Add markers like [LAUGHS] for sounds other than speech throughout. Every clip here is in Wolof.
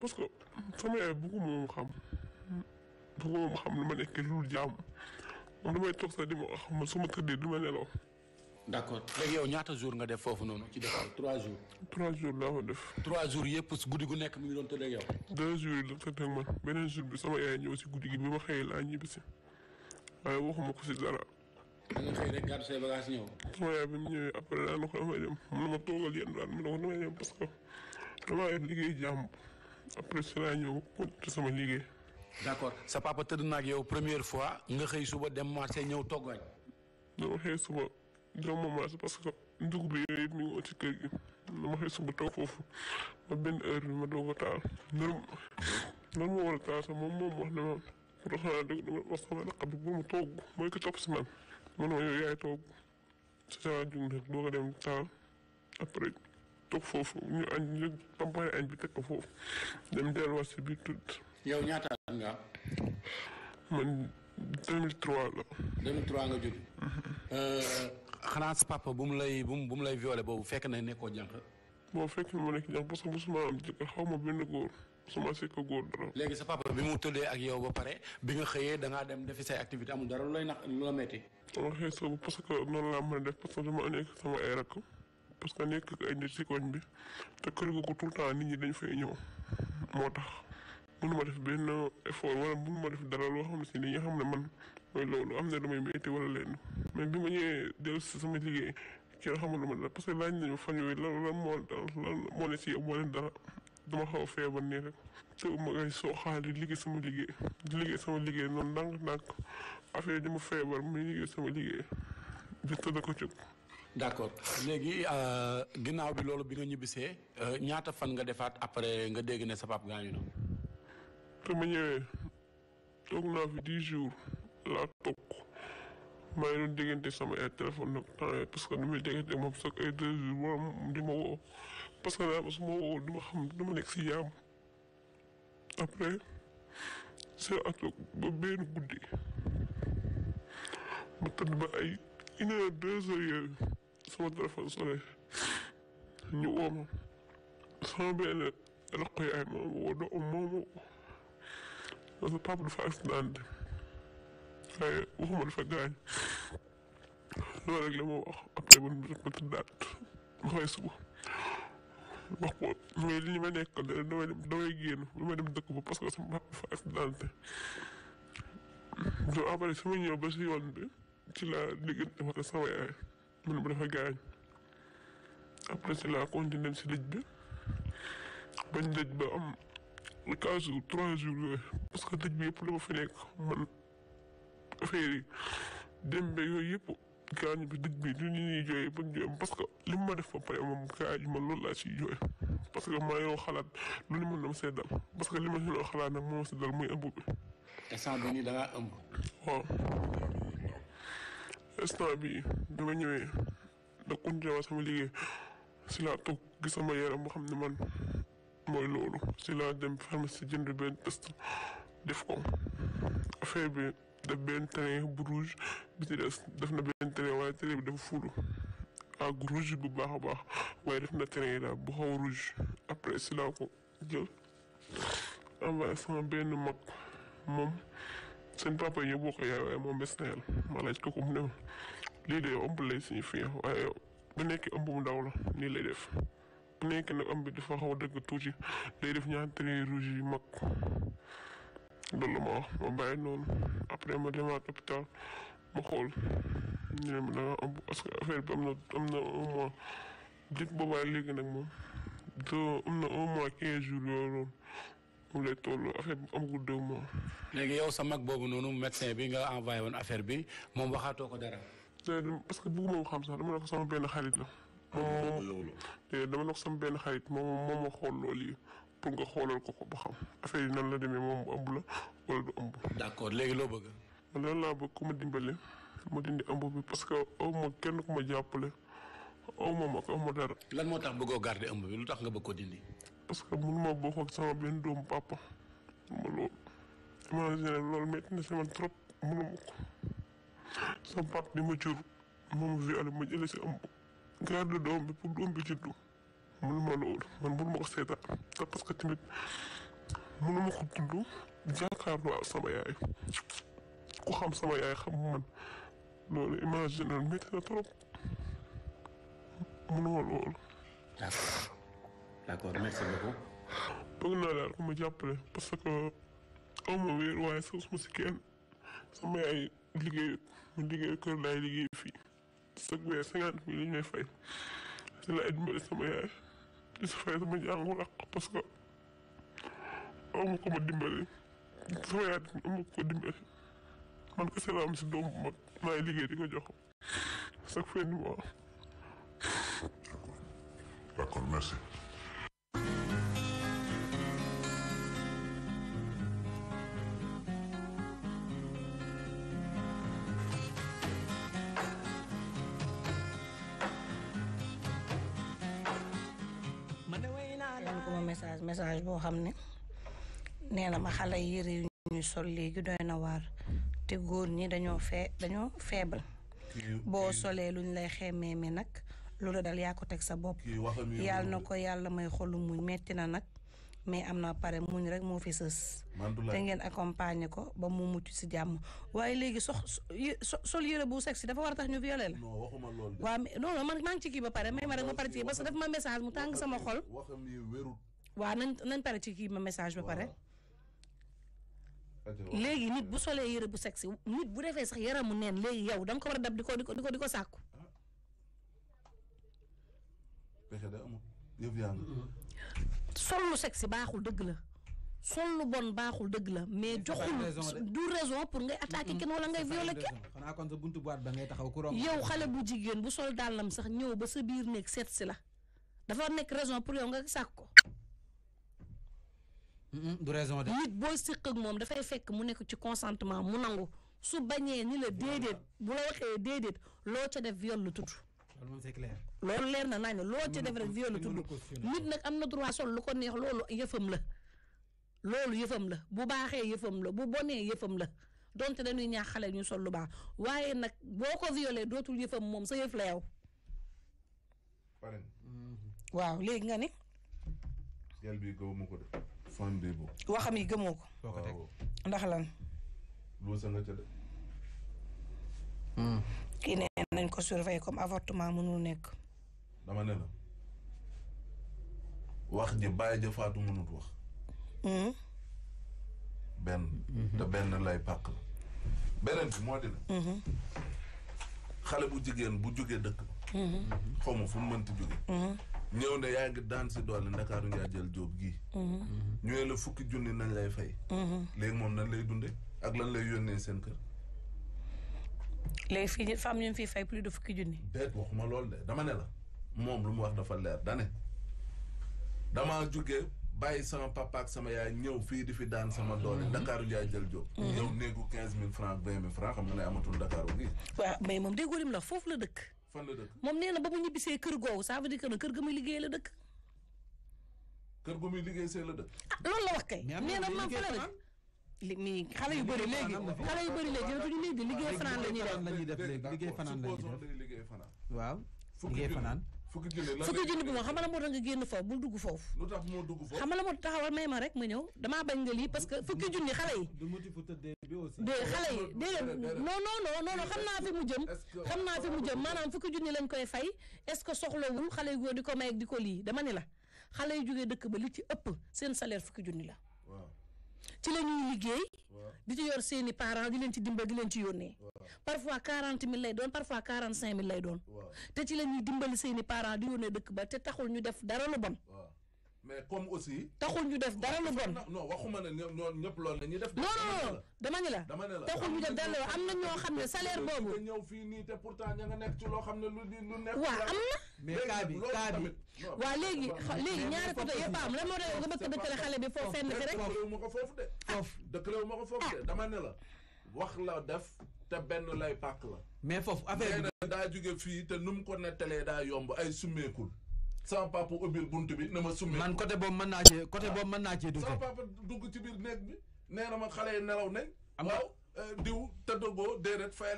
parce que sama yaay bëgguma mu xam bëgguma mu xam lu ma nekk lu jaam moom damay toog sax di ma wax man su ma tëddee du ma nelaw. d' accord léegi yow ñaata jours nga def foofu noonu ci Dakar trois jours. trois jours laa ko def. trois jours yëpp guddi gu nekk mi ngi doon tëdd ak yow. deux jours yi la tëdd ak man beneen jour bi sama yaay ñëw si guddi gi bi ma xëyee laa ñibbisi waaye waxuma ko si dara. da nga xëy rek gàddu say bagages ñëw. sama yaay bi mu ñëwee après daanaka damay dem mun na ma toogal yenn daal mun na ko damay dem parce que damaa yor liggéey jàmm. après si laa ñëw continuer sama liggéey. d'accord sa papa tëdd na yow première fois nga xëy suba dem marché ñëw toggooñ. dama xëy suba dem ma que dugub bi yooyu yëpp mi xëy suba toog foofu ba benn heure ma doog a taal. loolu loolu moom moom wax ne ma pour xanaa dëgg dama wax sama naq bi bu ma togg mooy ko topp si man man ma yaay togg si saa jug nag doog a dem taal après. toog foofu ñu añ ñu añ bi teg ko foofu dem delluwaat si biir tudd. yow ñaata ak nga man 2003 la. 2003 nga jóg. Euh, xanaa sa papa bu mu lay bu mu bu lay violé boobu fekk na nekkoo jànq. boo fekk na ma nekk jànq parce que mosuma xaw ma benn góor mosuma si góor léegi sa papa bi mu tëddee ak yow ba pare bi nga xëyee dangaa dem defi say activité amul dara lu lay nax lu la metti. dama xëy sa parce que laa mën a def parce que dama nekk sama ay rakk. parce que nekk ay nit si koñ bi te kër googu tout le temps nit ñi dañ fay ñëw moo tax mënu ma def benn effort wala mënu def dara loo xam ne si li nga xam ne man mooy loolu am na damay métti wala lenn mais bi ma ñëwee dellu si sama liggéey kii la xamul ma dara parce que laaj nañu fan yooyu lan moo moo si yow moo leen dara dama xaw a feebar nii rek te ma ngay sooxaale di liggéey sama liggéey di liggéey sama liggéey noonu ndànk-ndànk affaire yi dama feebar muy liggéey sama liggéey bi tëdd ko cëpp d'accord léegi euh, ginnaaw bi loolu bi nga ñibbisee euh, ñaata fan nga defaat après nga dégg ne sa pap gaañu na. te ma ñëwee toog naa fi dix jours laa toog maa que nu muy déggante moom chaque ay deux jours ma woo parce que daal su ma xam du ma nekk si yaam après c'est à toog ba benn guddi ma tëdd ba ay une deux heures sama téléphone sonné ñu woo ma sama benn rakk yaay ma woo do moomu parce que papa dafa accident waaye waxuma dafa gaañ loolu rek ma wax après man ma ma dem dëkk ba parce que sama papa dafa accidenté donc après su ma ñëw ba si yoon bi ci la diggante sama yaay mu ne ma dafa gaañ après si laa continué dem bañ lëj am quatre jours trois jours yooyu parce que lëj bi yëpp la ma fa nekk man affaire dem ba yooyu yëpp gaañ bi lëj bi du ñu jooyee parce que li ma def ba pare moom gaañ man loolu laa ciy parce que maa yoo xalaat lu ne ma see dal parce que li ma si loo xalaat nag moo ma si dal muy ëmb bi. da ngaa waaw. instant bi bi ma ñëwee da continué waa sama liggéey si laa toog gis sama yaram boo xam ne man mooy loolu si laa dem pharmacie jënd benn test def ko affaire bi benn train bu rouge bi ci des def na benn train waaye train bi dafa fulu ak rouge bu baax a baax waaye def na train bu xaw rouge après si laa ko jël envoyé sama benn mag moom seen papa yi ñoo bokk yaay waaye moom bés na yàlla ma laaj ko ko mu ne lii de ëmb lay signifié waaye bu nekkee ëmb mu la nii lay def bu nekkee nag ëmb bi xaw dëgg tuuti day def ñaari traits yu mag loolu ma wax ma bàyyi noonu après ma demaat hôpital ma xool ñu ma da nga parce que affaire bi am na am na un mois boobaay léegi nag moom te am na un mois quinze jours yoo mu lay toll affaire bi amagul léegi yow sa mag boobu noonu médecin bi nga envoyé woon affaire bi moom waxaatoo ko dara. parce que bëgguma ko xam sax dama ne ko sama benn xarit la. moom dama ne ko benn xarit moom moom ma xool loolu yi pour ko ko ba affaire yi nan la demee moom bu ëmb léegi loo bëgg. loolu laa bëgg ku ma dimbale ma dindi ëmb bi parce que aw ma kenn ku ma jàppale aw ma mag aw ma dara. lan moo tax bëggoo garder ëmb bi lu tax nga bëgg ko dindi. parce que mënuma bokk ak sama benn doomu papa ma loolu imaginer loolu métti na si man trop mënuma ko sama papa di ma jur ma jëlee si ëmb garde doom bi pour doom ko seetaan te parce que sama yaay ku xam sama yaay xam man loolu imaginer métti na trop mënuma loolu. d'accord merci beaucoup. bëgg naa daal ku parce que aw ma waaye sax su si kenn sama yaay liggéey mu liggéey kër laay liggéey fii chaque weer cinquante mille lañ may fay fay sama jàngu raq parce que aw ma ko ma dimbali sama yaay aw ma ko dimbali man kese laa am si doom maay liggéey di ko jox chaque fin du message message boo xam ne nee na ma xale yére yu ñuy sol léegi doy na waar te góor ñi dañoo fee dañoo feebal boo solee luñ lay xemmee mi nag loolu dal yaa ko teg sa bopp yàlla na ko yàlla may xolu muñ metti na nag mais am na pare muñ rek moo fi sës te ngeen accompagner ko ba mu mucc si jàmm waaye léegi sol yére bu sexy dafa war a tax ñu violé la waaw non non man ci kii ba pare may ma rek ba pare ci parce que dafa ma message mu tàng sama xol waaw nañ nañ pare ci kii ma message ba pare. léegi nit bu solee yére bu si nit bu defee sax yaramu neen léegi yow da ko war a dab di ko di ko di ko sàkku. Ah. pexe da amul yëf mm-hmm. sol lu sexy baaxul dëgg la. sol lu bon baaxul dëgg la mais joxul du raison pour ngay attaquer kenn wala ngay violer kenn. xanaa kon sa buntu boîte ngay taxaw ku romb. xale bu jigéen bu sol dàllam sax ñëw ba sa biir néeg seet si la dafa nekk raison pour yow nga sàkk ko. du raison de. nit boo séq ak moom dafay fekk mu nekk ci consentement mu nangu su bañee ni la déedéet bu la waxee déedéet loo ca def viol la tudd. loolu moom c'est clair. loolu na naa ne loo ca def rek viol la tudd nit nag am na droit sol lu ko neex loolu yëfam la. loolu yëfam la bu baaxee yëfam la bu bonee yëfam la donte dañuy ñaax xale ñu sol lu baax waaye nag boo ko violé dootul yëfam moom sa yëf la yow. léegi nga ne. fan Debo. waxam yi gëmoo ko. foo ko teg ndax lan. Luusa nga ca de. Hmm. kii nañ ko surveiller comme avortement mënul nekk. dama ne la wax ji bàyyi ja faatu wax. Hmm. benn. Hmm. te benn lay pàq la. beneen bi moo di xale bu jigéen bu jógee dëkk. xaw ma mënti jóge. ñëw ne yaa ngi daan si doole ndakaaru ngaa jël jóob gii. Mm-hmm. ñu la fukki junni nañ lay fay. Mm-hmm. léegi moom nan lay dunde ak lan lay yónnee seen kër. léegi fii femme ñu fi fay plus de fukki junni. déet waxuma loolu de dama ne la moom lu mu wax dafa leer dane damaa jugee bàyyi sama papa ak sama yaay ñëw fii di fi daan sama doole mm-hmm. ndakaaru ngaa jël jóob. ñëw néegu quinze mille franc vingt mille franc xam nga ne amatul ndakaaru gii. waaw mais moom déggoo lim la dëkk. fan la dëkk moom nee na ba mu ñibbisee kër googu ça di dire que ne kër ga muy liggéey la dëkk. kër gu muy liggéey see la dëkk. ah loolu la wax kay. nee na man fa la dëkk li xale yu bëri léegi xale yu bari léegi dootuñu léegi liggéey fanaan la liggéey fanaan la ñuy def léegi liggéey fanaan la ñuy def waaw liggéey fanaan. fukki junni bu ma xam la nga génn foofu bul dugg foofu. lu tax moo dugg foofu xam la moo taxawal may ma rek ma ñëw damaa bañ nga lii parce fukki junni xale yi. du xale yi déedéet non xam naa fi mu jëm. xam naa fi mu jëm maanaam fukki junni lañ koy fay est-ce que soxlawul xale yu góor di ko may ak di ko lii dama ne la xale yu jógee dëkk ba li ci ëpp seen salaire fukki junni la. ci la ñuy liggéey. di ci yor seeni parents di leen ci dimbali di leen ci yónnee. parfois quarante mille lay doon parfois quarante cinq mille lay doon. te ci la ñuy dimbal seeni parents di yónnee dëkk ba te taxul ñu def dara lu bon. mais comme aussi. taxul ñu def dara lu bon non waxuma ne ñoom ñëpp loolu la def. non non dama ne la dama ne la taxul ñu def dara lu am na ñoo xam ne salaire boobu. te ñëw fii nii te loo xam ne lu lu nekk. waaw am na. mais cas bi cas bi. waaw léegi ñaari ko foofu de. Ah. foofu dëkkalewu ma ko foofu ah. de dama ne la. wax la def te benn lay pàkk la. mais foofu affaire bi daa jóge fii te nu mu ko nettalee daa yomb ay sumeekul sama papa ubbil bunt bi na ma summi man côté boobu mën naa cee côté ah. boobu mën naa cee dugg sama papa dugg ci biir néeg bi nee na ma xale yi nelaw nañ waaw euh, diw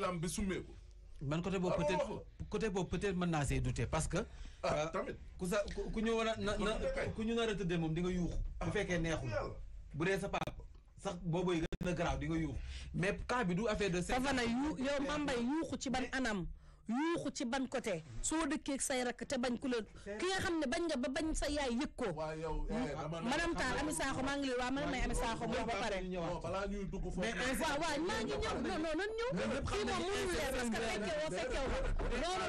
lam bi summeeku man côté boobu ah, peut-être côté boobu peut-être mën naa see douter parce que ah, euh, ku sa ku ñu war a na ku ñu nar a tëddee moom di nga yuuxu bu fekkee neexul bu dee sa papa sax boobu yi gën a garaaw di nga yuuxu mais cas bi du affaire de. dafa na yu yow Mame Mbaye yuuxu ci ban anam. yuuxu ci ban côté soo dëkkee say rakk te bañ ku la ki ba yaay yëg ko eh, madame Tall Ami Sakho maa ngi lay waa man may Ami Sakho moo ba pare waaw waaw maa ngi ñëw non non nan ñëw kii moom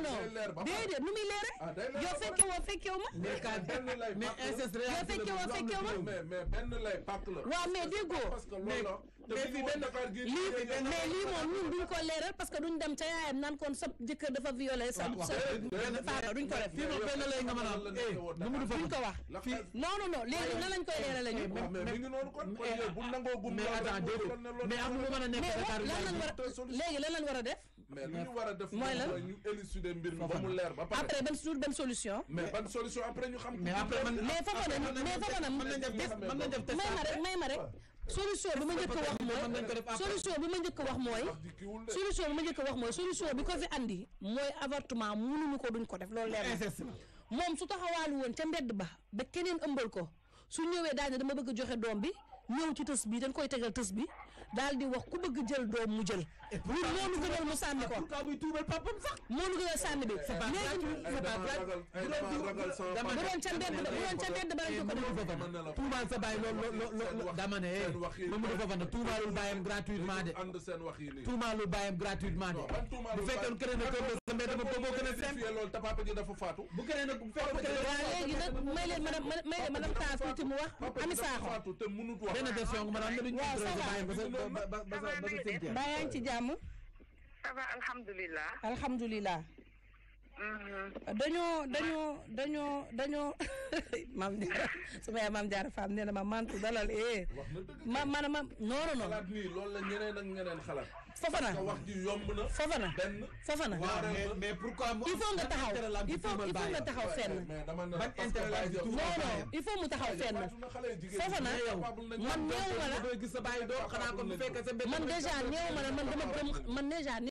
mënul leer parce que fekke woo fekke woo non non non déedéet nu muy leere ah, yow fekke woo fekke wu ma yow fekke woo fekke wu ma waaw mais déggoo lii mais lii moom ñun duñ ko leeral parce que duñ dem ca yaayam naan kon sa jëkkër que dafa violé sa sa eh, faata duñ ko def fii moom benn lay nga a eh, duñ ko wax non non léegi nan lañ koy leerale ñu eh, mais am lu mën a nekk Dakar lan a lan lañ war a def mais lu ñu war a def mooy lan après ban solution mais ban solution après ñu xam mais foofu nag mais foofu nag mën nañ def may ma rek may ma rek solution bi ma njëkk wax mooy solution bi ma njëkk wax mooy solution bi ma njëkk wax mooy solution bi ko fi andi mooy avortement mënuñu ko duñ ko def loolu ma moom su taxawaalu woon ca mbedd ba ba keneen ëmbal ko su ñëwee daal ne dama bëgg joxe doom bi ñëw ci tës bi dañ koy tegal tës bi daal di wax ku bëgg jël doom mu jël ñun moo nu gënal mu sànni ko. pourquoi muy tuubal papam sax. moo nu gënal sànni bi. c'est pas grave dama doon ca mbedd ba bu doon ca mbedd ba lañ ko ko def. tuubaal sa bàyyi loolu loolu dama ne. Mamadou Fofana tuubaalul bàyyam gratuitement de. tuubaalul bàyyam gratuitement de. bu fekkoon keneen ak kër sa mbedd ba boo gën a seen. dafa faatu. bu keneen ak bu fekkoon keneen. waaw léegi nag may leen madame may leen madame Tass tuuti mu wax. Ami Sakho benn question madame. waaw ça va waaw jàmm. ça va alhamdulilah. alhamdulilah. Mm-hmm. dañoo dañoo dañoo dañoo [LAUGHS] maam Diarra sama yaay maam Diarra Fam nee ma mantu dalal eh. ma ma ma noonu noonu. xalaat la ñeneen ak ñeneen xalaat. Fofana Fofana Fofana mais pourquoi il faut nga taxaw il faut il faut nga taxaw fenn. non non il mu taxaw fenn Fofana man néew ma la man déjà néew ma la man dama borom man